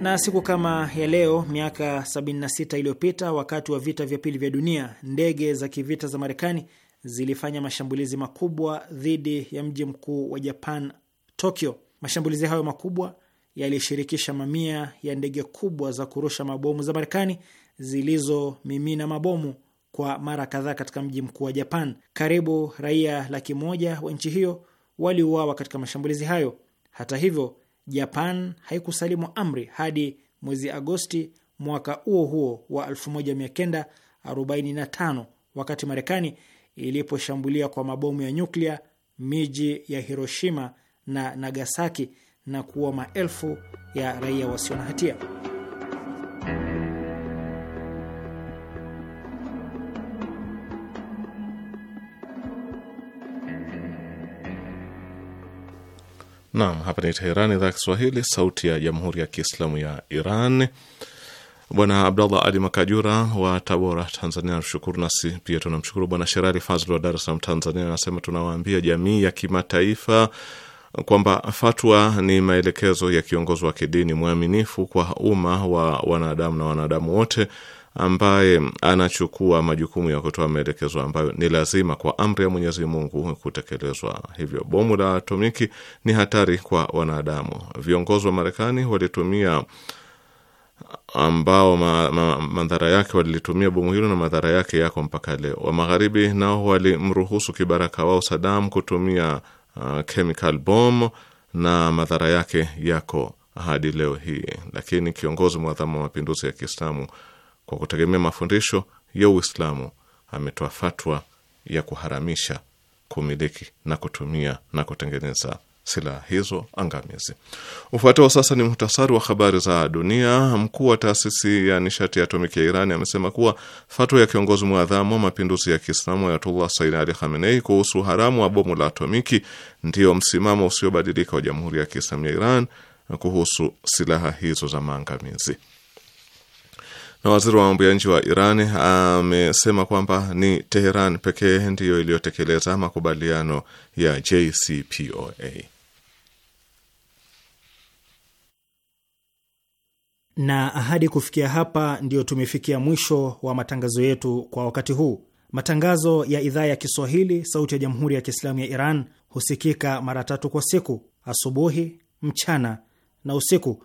Na siku kama ya leo miaka 76 iliyopita, wakati wa vita vya pili vya dunia, ndege za kivita za Marekani zilifanya mashambulizi makubwa dhidi ya mji mkuu wa Japan, Tokyo. Mashambulizi hayo makubwa yalishirikisha mamia ya ndege kubwa za kurusha mabomu za Marekani zilizomimina mabomu kwa mara kadhaa katika mji mkuu wa Japan. Karibu raia laki moja wa nchi hiyo waliuawa katika mashambulizi hayo. Hata hivyo, Japan haikusalimu amri hadi mwezi Agosti mwaka huo huo wa 1945 wakati Marekani iliposhambulia kwa mabomu ya nyuklia miji ya Hiroshima na Nagasaki na kuua maelfu ya raia wasio na hatia. Naam, hapa ni Teheran, idhaa ya Kiswahili, sauti ya jamhuri ya kiislamu ya Iran. Bwana Abdallah Ali Makajura wa Tabora, Tanzania anashukuru nasi pia tunamshukuru. Bwana Sherali Fazl wa Dar es Salaam, Tanzania anasema tunawaambia jamii ya kimataifa kwamba fatwa ni maelekezo ya kiongozi wa kidini mwaminifu kwa umma wa wanadamu na wanadamu wote ambaye anachukua majukumu ya kutoa maelekezo ambayo ni lazima kwa amri ya Mwenyezi Mungu kutekelezwa. Hivyo bomu la atomiki ni hatari kwa wanadamu. Viongozi wa Marekani walitumia ambao ma, ma, madhara yake walilitumia bomu hilo na madhara yake yako mpaka leo. Wa Magharibi nao walimruhusu kibaraka wao Saddam kutumia uh, chemical bomb na madhara yake yako hadi leo hii. Lakini kiongozi mwadhamu wa mapinduzi ya Kiislamu kwa kutegemea mafundisho ya Uislamu ametoa fatwa ya kuharamisha kumiliki na kutumia na kutengeneza silaha hizo angamizi. Ufuatao sasa ni muhtasari wa habari za dunia. Mkuu wa taasisi ya nishati ya atomiki ya Irani amesema kuwa fatwa ya kiongozi mwadhamu wa mapinduzi ya Kiislamu Ayatullah Sayyid Ali Khamenei kuhusu haramu wa bomu la atomiki ndiyo msimamo usiobadilika wa Jamhuri ya Kiislamu ya Iran kuhusu silaha hizo za maangamizi na waziri wa mambo ya nje wa Iran amesema kwamba ni Teheran pekee ndiyo iliyotekeleza makubaliano ya JCPOA. Na ahadi kufikia hapa, ndiyo tumefikia mwisho wa matangazo yetu kwa wakati huu. Matangazo ya idhaa ya Kiswahili sauti ya Jamhuri ya Kiislamu ya Iran husikika mara tatu kwa siku: asubuhi, mchana na usiku